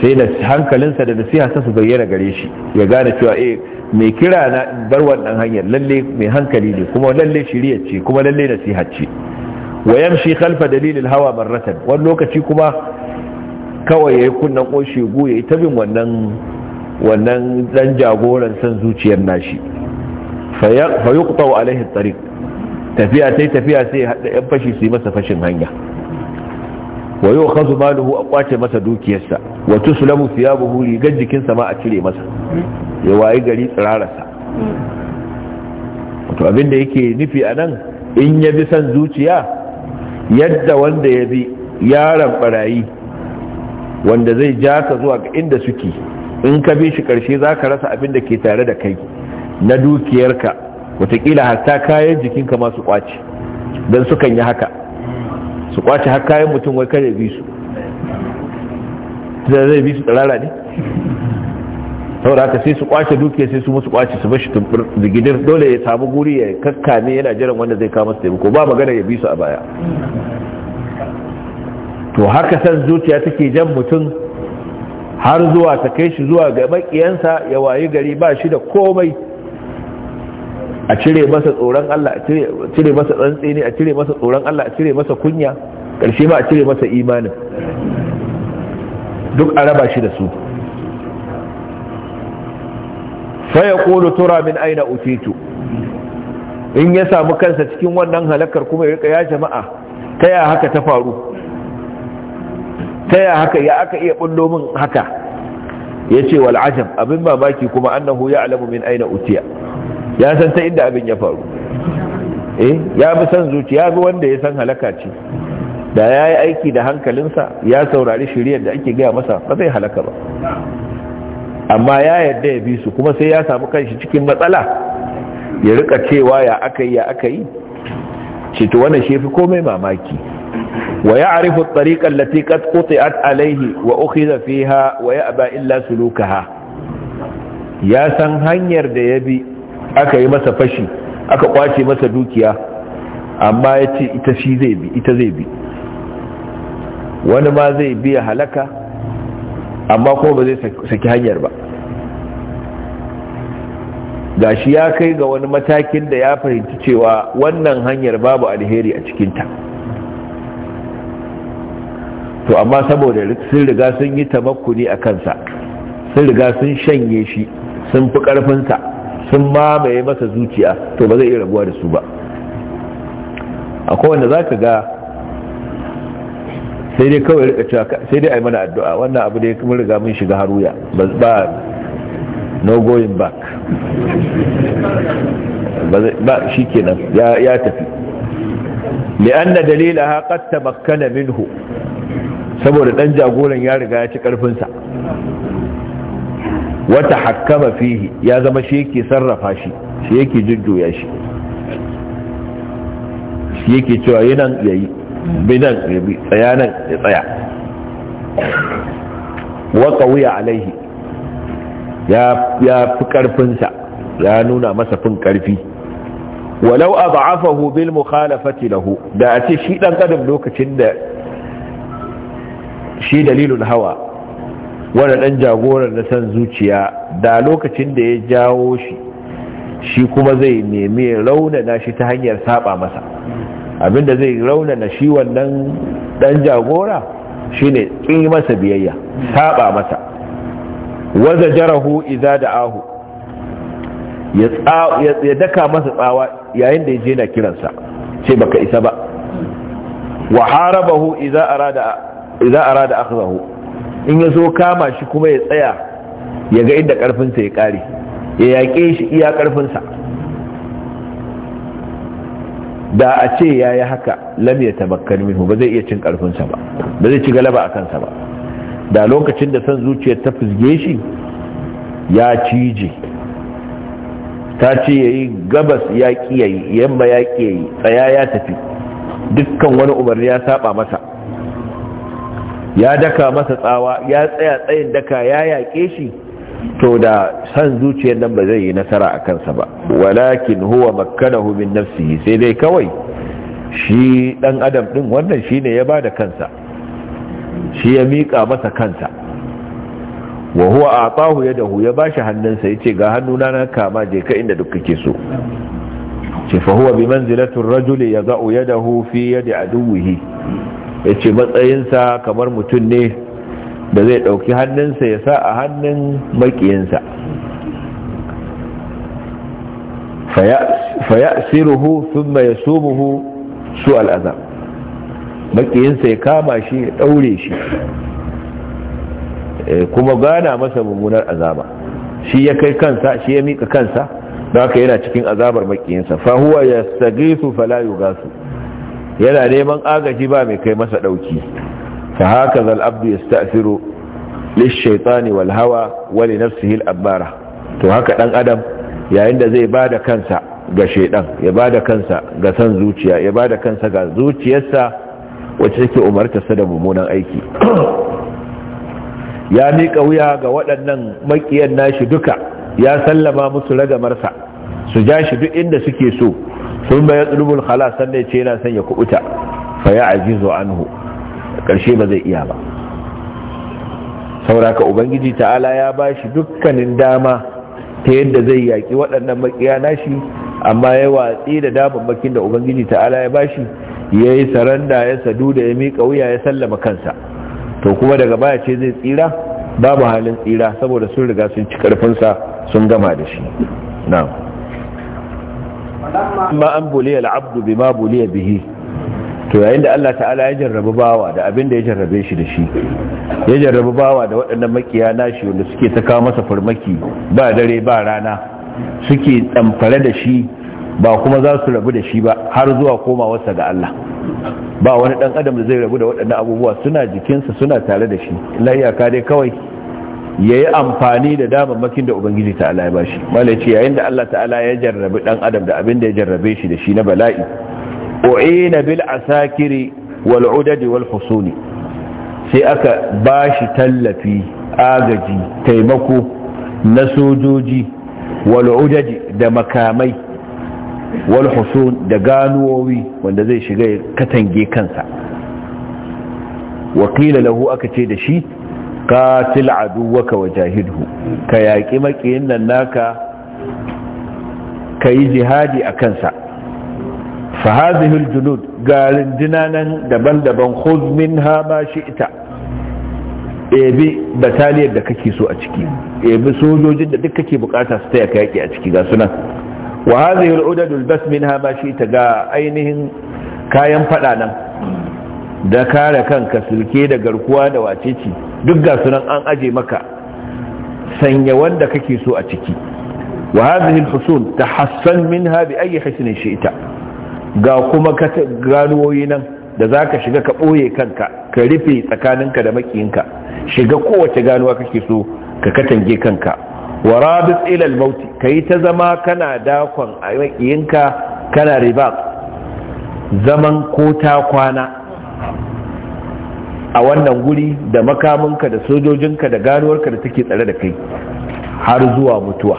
sai da hankalinsa da nasiha sa su bayyana gare shi ya gane cewa eh mai kira na bar wannan hanyar lalle mai hankali ne kuma lalle shiriyar ce kuma lalle nasiha ce wa yamshi khalfa dalilil hawa marratan wani lokaci kuma kawai yayi kunnan koshi guye ta bin wannan wannan dan jagoran san zuciyar nashi fa yuqta'u alaihi tariq tafiya sai tafiya sai hada yan fashi su yi masa fashin hanya wa yu'khadhu maluhu a kwace masa dukiyarsa wa tuslamu thiyabuhu rigar jikinsa ma a cire masa ya wayi gari tsirararsa to abin da yake nufi anan in ya bi san zuciya yadda wanda ya bi yaron barayi wanda zai ja ka zuwa ga inda suke in ka bi shi karshe za ka rasa abin da ke tare da kai na dukiyarka wataƙila hatta kayan jikinka masu kwace don sukan yi haka su kwace har kayan mutum wai kare bi su da zai bi su tsirara ne saboda haka sai su kwace dukiya sai su musu kwace su bashi tumfur zigidin dole ya samu guri ya kakkame yana jiran wanda zai kama su taimako ba magana ya bi su a baya to haka san zuciya take jan mutum har zuwa ta kai shi zuwa ga makiyansa ya wayi gari ba shi da komai a cire masa tsoron Allah a cire masa tsantsini a cire masa tsoron Allah a cire masa kunya karshe ma a cire masa imanin duk a raba shi da su fa yaqulu tura min aina utitu in ya samu kansa cikin wannan halakar kuma ya rika ya jama'a ta ya haka ta faru ta ya haka ya aka iya bullo min haka ya ce wal'ajam abin mamaki kuma annahu ya alamu min aina utiya ya san ta inda abin ya faru eh ya bi san zuciya ga wanda ya san halaka ce da ya yi aiki da hankalinsa ya saurari shiriyar da ake gaya masa ba zai halaka ba amma ya yadda ya bi su kuma sai ya samu kanshi cikin matsala ya rika cewa ya aka yi ya aka yi ce to wannan shefi komai mamaki ويعرف الطريق التي قد قطعت عليه وأخذ فيها ويأبى إلا سلوكها يا سن هنير da yabi aka yi masa fashi aka kwace masa dukiya amma yace ita ita zai bi wani ma zai biya halaka amma ko ba zai saki hanyar ba gashi ya kai ga wani matakin da ya fahimci cewa wannan hanyar babu alheri a cikinta ta to amma saboda sun riga sun yi tamakkuni a kansa sun riga sun shanye shi sun fi ƙarfinsa sun mamaye masa zuciya to ba zai iya rabuwa da su ba akwai wanda za ka ga sai dai kawai rika cewa sai dai a yi mana addu'a wannan abu da ya kuma riga mun shiga haruya ba no going back ba shi kenan ya tafi li'anna dalila ha qad tamakkana minhu saboda dan jagoran ya riga ya ci karfinsa wata hakkama fihi ya zama shi yake sarrafa shi shi yake jujjuya shi shi yake cewa yi nan ya yi binan ya bi tsaya nan ya tsaya waka wuya alaihi ya fi karfinsa ya nuna masa fin karfi walau a ba'afahu bil mukhalafati lahu da a ce shi dan kadam lokacin da shi dalilul hawa wanda dan jagorar na san zuciya da lokacin da ya jawo shi shi kuma zai nemi raunana shi ta hanyar saba masa abinda zai raunana shi wannan dan jagora shi ne masa biyayya saba masa waza jarahu idza da'ahu ya daka masa tsawa yayin da ya je na kiransa ce baka isa ba wa harabahu idza arada idan arada zahu in ya zo kama shi kuma ya tsaya ya ga inda karfinsa ya kare ya yaƙe shi iya karfinsa da a ce ya yi haka lam ya tabakkar minhu ba zai iya cin karfinsa ba ba zai ci galaba a kansa ba da lokacin da son zuciyar ta fizge shi ya cije ta ce ya yi gabas ya ƙiyayi yamma ya ƙiyayi tsaya ya tafi dukkan wani umarni ya saba masa ya daka masa tsawa ya tsaya tsayin daka ya yaƙe shi to da san zuciyar nan ba zai yi nasara a kansa ba walakin huwa makkanahu min nafsihi sai dai kawai shi dan adam din wannan shine ya bada kansa shi ya mika masa kansa wa huwa atahu yadahu ya bashi hannunsa yace ga hannuna na kama je ka inda duk kake so ce fa huwa bi manzilati ar-rajuli yada'u yadahu fi yadi aduwwihi ya ce matsayinsa kamar mutum ne da zai ɗauki hannunsa ya sa a hannun faya siruhu sun mai sumuhu su al'aza makiyinsa ya kama shi ya ɗaure shi kuma gana masa mummunar azaba shi ya kai kansa shi ya miƙa kansa da haka yana cikin azabar makiyinsa fahuwa ya sagisu fala gasu yana neman agaji ba mai kai masa dauki fa haka zal abdu yastafiru lishaitani wal hawa wa li nafsihi al abara to haka dan adam yayin da zai bada kansa ga shaidan ya bada kansa ga san zuciya ya bada kansa ga zuciyarsa wacce take umartarsa da mummunan aiki ya miƙa wuya ga waɗannan makiyan nashi duka ya sallama musu ragamarsa su jashi duk inda suke so sun bai tsulubul khala sannan ce yana sanya ya kubuta fa ya azizu anhu karshe ba zai iya ba sauraka ubangiji ta'ala ya bashi dukkanin dama ta yadda zai yaki waɗannan makiya nashi amma ya watsi da damammakin da ubangiji ta'ala ya bashi ya yi saranda ya sadu da ya miƙa wuya ya sallama kansa to kuma daga baya ce zai tsira babu halin tsira saboda sun riga sun ci karfinsa sun gama da shi na'am amma an buliya Abdu bima buliya bihi to yayin da Allah ta'ala ya jarrabu bawa da abin da ya jarrabe shi da shi ya jarrabu bawa da waɗannan makiya nashi wanda suke ta kawo masa farmaki ba dare ba rana suke tsamfare da shi ba kuma za su rabu da shi ba har zuwa komawarsa ga Allah ba wani ɗan adam da zai rabu da waɗannan abubuwa suna jikinsa suna tare da shi layyaka dai kawai ya yi amfani da damammakin da ubangiji ta'ala ya bashi mala ce yayin da Allah ta'ala ya jarrabi dan adam da abin da ya jarrabe shi da shi na bala'i u'ina bil asakiri wal wal husuni sai aka bashi tallafi agaji taimako na sojoji wal da makamai wal husun da ganuwowi wanda zai shiga ya katange kansa wakila lahu aka ce da shi qatil aduwaka wajahidhu ka yaƙi makiyin nan naka yi jihadi a kansa. fa junud aljulud galin nan daban-daban khudh minha ma shi'ta ebi bataliyar da kake so a ciki ebi sojojin da duk kake bukata su taya ka yaki a ciki ga sunan wa hadhihi aludadul bas minha ma ita ga ainihin kayan fada nan da kare kanka sulke da garkuwa da wacece duk ga sunan an aje maka sanya wanda kake so a ciki wa hadhihi al-husul tahassan minha bi ayi hisnin shi'ta ga kuma ka ganuwoyi nan da zaka shiga ka boye kanka ka rufe tsakaninka da makiyinka shiga kowace ganuwa kake so ka katange kanka wa rabit ila al-maut kai ta zama kana dakon a makiyinka kana riba zaman ko ta kwana a wannan guri da makaminka da sojojinka da ganuwarka da take tsare da kai har zuwa mutuwa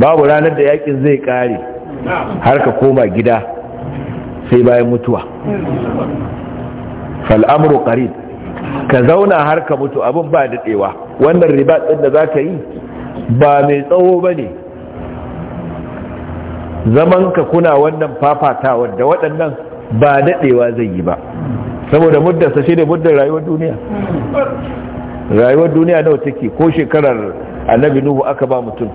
babu ranar da yakin zai kare har ka koma gida sai bayan mutuwa fal'amuru qarib ka zauna har ka mutu abin ba daɗewa wannan riba ɗin da za ka yi ba mai tsawo ba zaman ka kuna wannan fafatawar da waɗannan ba daɗewa zai yi ba saboda muddarsa shi ne muddar rayuwar duniya rayuwar duniya nawa take ko shekarar annabi nuhu aka ba mutum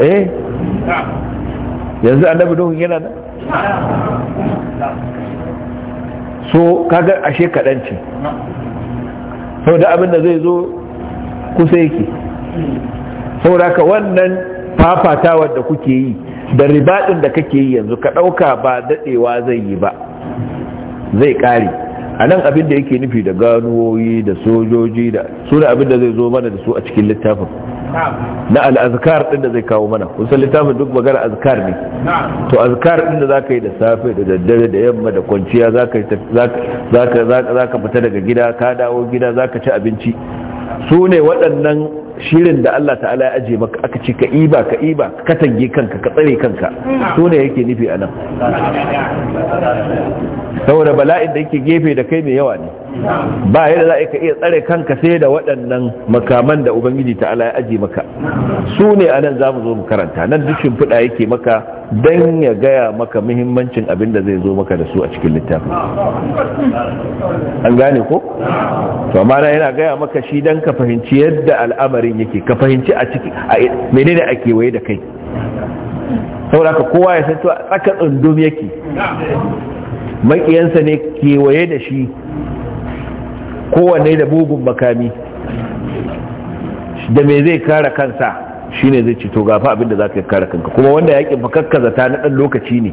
eh yanzu annabi nuhu yana nan so kaga ashe kaɗanci? ce saboda da zai zo kusa yake saboda ka wannan fafatawar da kuke yi da ribadin da kake yi yanzu ka ɗauka ba daɗewa zai yi ba zai ƙare a nan abin da yake nufi da ganuwoyi da sojoji da su da abin da zai zo mana da su a cikin littafin na al'azkar ɗin da zai kawo mana kusan littafin duk magana azkar ne to azkar ɗin da za ka yi da safe da daddare da yamma da kwanciya zaka ka fita daga gida ka dawo gida zaka ci abinci su ne waɗannan shirin da Allah ta'ala ya aje maka aka ce ka iba ka iba ka katange kanka ka tsare kanka to hmm. ne yake nufi anan saboda bala'in da yake gefe da kai mai yawa ne ba yadda za ka iya tsare kanka sai da waɗannan makaman da ubangiji ta ala ya aji maka su ne a nan za mu zo mu karanta nan duk shimfiɗa yake maka don ya gaya maka muhimmancin abin da zai zo maka da su a cikin littafi an gane ko? to amma yana gaya maka shi don ka fahimci yadda al'amarin yake ka fahimci a ciki menene a kewaye da kai saboda kowa ya san cewa tsaka tsundum yake makiyansa ne kewaye da shi kowanne da bugun makami da me zai kare kansa ne zai cito gafa abinda za ka kare kanka kuma wanda yakin kakkaza ta na ɗan lokaci ne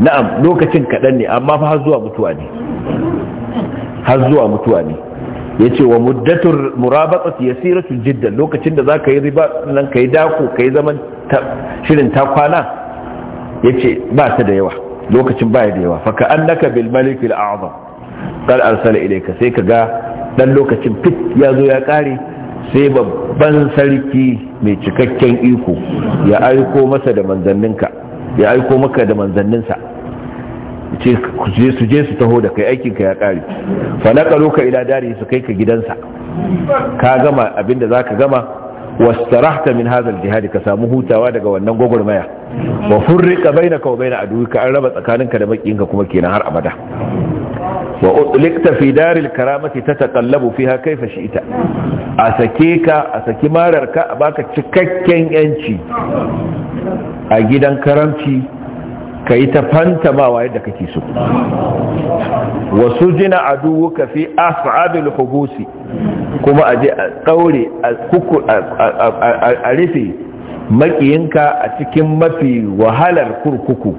na'am lokacin kaɗan ne amma fa har zuwa mutuwa ne har zuwa mutuwa ne ya ce wa muddatul ya yasiratu jiddan lokacin da ka yi riba nan kai dako yi zaman shirin ta kwana ce ba ta da yawa lokacin baya da yawa faka annaka bil malik al a'zam qal arsala ilayka sai kaga dan lokacin fit ya zo ya kare sai babban sarki mai cikakken iko ya aiko masa da manzanninka ya aiko maka da manzanninsa su je su taho da kai aikinka ya kare falaka ka ila dari su kai ka gidansa ka gama abinda zaka gama wastarahta min hadha al-jihad ka samu hutawa daga wannan gogurmaya wa furriqa bainaka wa bain aduwika an raba tsakaninka da makiyinka kuma kenan har abada wa utlikta fi daril karamati tataqallabu fiha kayfa ita. a sake ka a saki mararka a baka cikakken yanci a gidan karamci ka yi ta waye da kake so wasu jina aduwuka fi as'abil hubusi kuma a je a daure a rufe makiyinka a cikin mafi wahalar kurkuku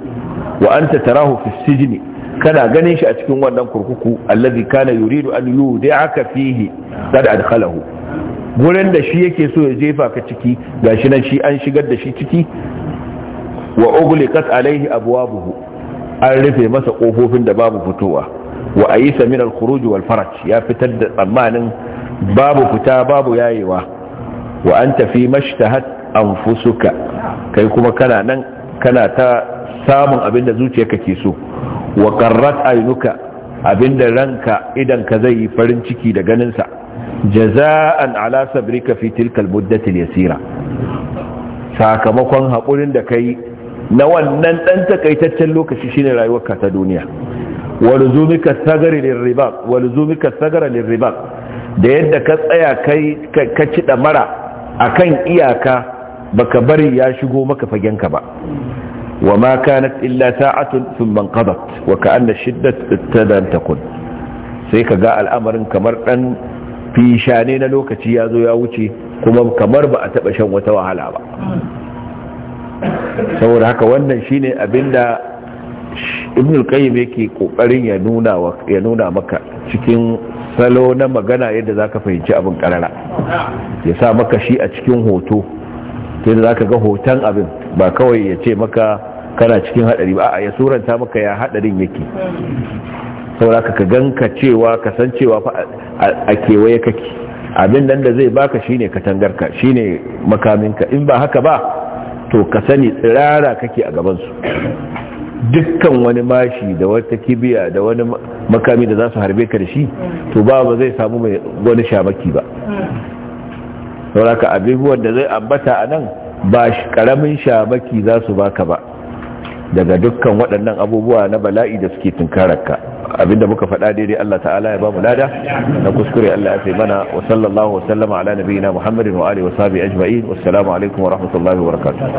wa anta tarahu fi sijni kana ganin shi a cikin wannan kurkuku allazi kana yuridu an yudi'aka fihi qad adkhalahu gurin da shi yake so ya jefa ka ciki gashi nan shi an shigar da shi ciki wa ughliqat alayhi abwabuhu an rufe masa kofofin da babu fitowa wa ayisa min al-khuruj wal faraj ya fitar da tsammanin babu fita babu yayewa wa anta fi mashtahat anfusuka kai kuma kana nan kana ta samun abin da zuciyarka ke so wa qarrat aynuka abin da ranka idan ka zai farin ciki da ganin sa jaza'an ala sabrika fi tilka al-muddati yasira sakamakon haƙurin da kai na wannan dan takaitaccen lokaci shine rayuwarka ta duniya walzumika tsagara lil riba riba da yadda ka tsaya kai ka ci a kan iyaka baka bari ya shigo maka fagen ka ba وما كانت الا ساعه ثم انقضت وكان الشده ابتدى ان sai ka ga al'amarin kamar dan fishane na lokaci ya zo ya wuce kuma kamar ba a taɓa shan wata wahala ba saboda haka wannan shine abinda ibn al-qayyim yake kokarin ya nuna wa ya nuna maka cikin salo na magana yadda zaka fahimci abin karara ya sa maka shi a cikin hoto sai da zaka ga hoton abin ba kawai ya ce maka kana cikin hadari ba a ya suranta maka ya hadarin yake saboda ka ganka cewa kasancewa fa a kewaye kake abin nan da zai baka shine katangarka shine ka in ba haka ba to ka sani tsirara kake a gabansu dukkan wani mashi da wata kibiya da wani makami da za su harbe ka da shi to ba ba zai samu mai wani shamaki ba sauraka abubuwan da zai ambata a nan ba karamin shamaki za su baka ba daga dukkan waɗannan abubuwa na bala'i da suke tunkararka abinda muka faɗa daidai Allah ta'ala ya ba mu lada na kuskure Allah ya fi mana wa sallallahu wa sallama ala nabiyina Muhammadin wa alihi wa sahbihi ajma'in wassalamu alaikum wa rahmatullahi wa barakatuh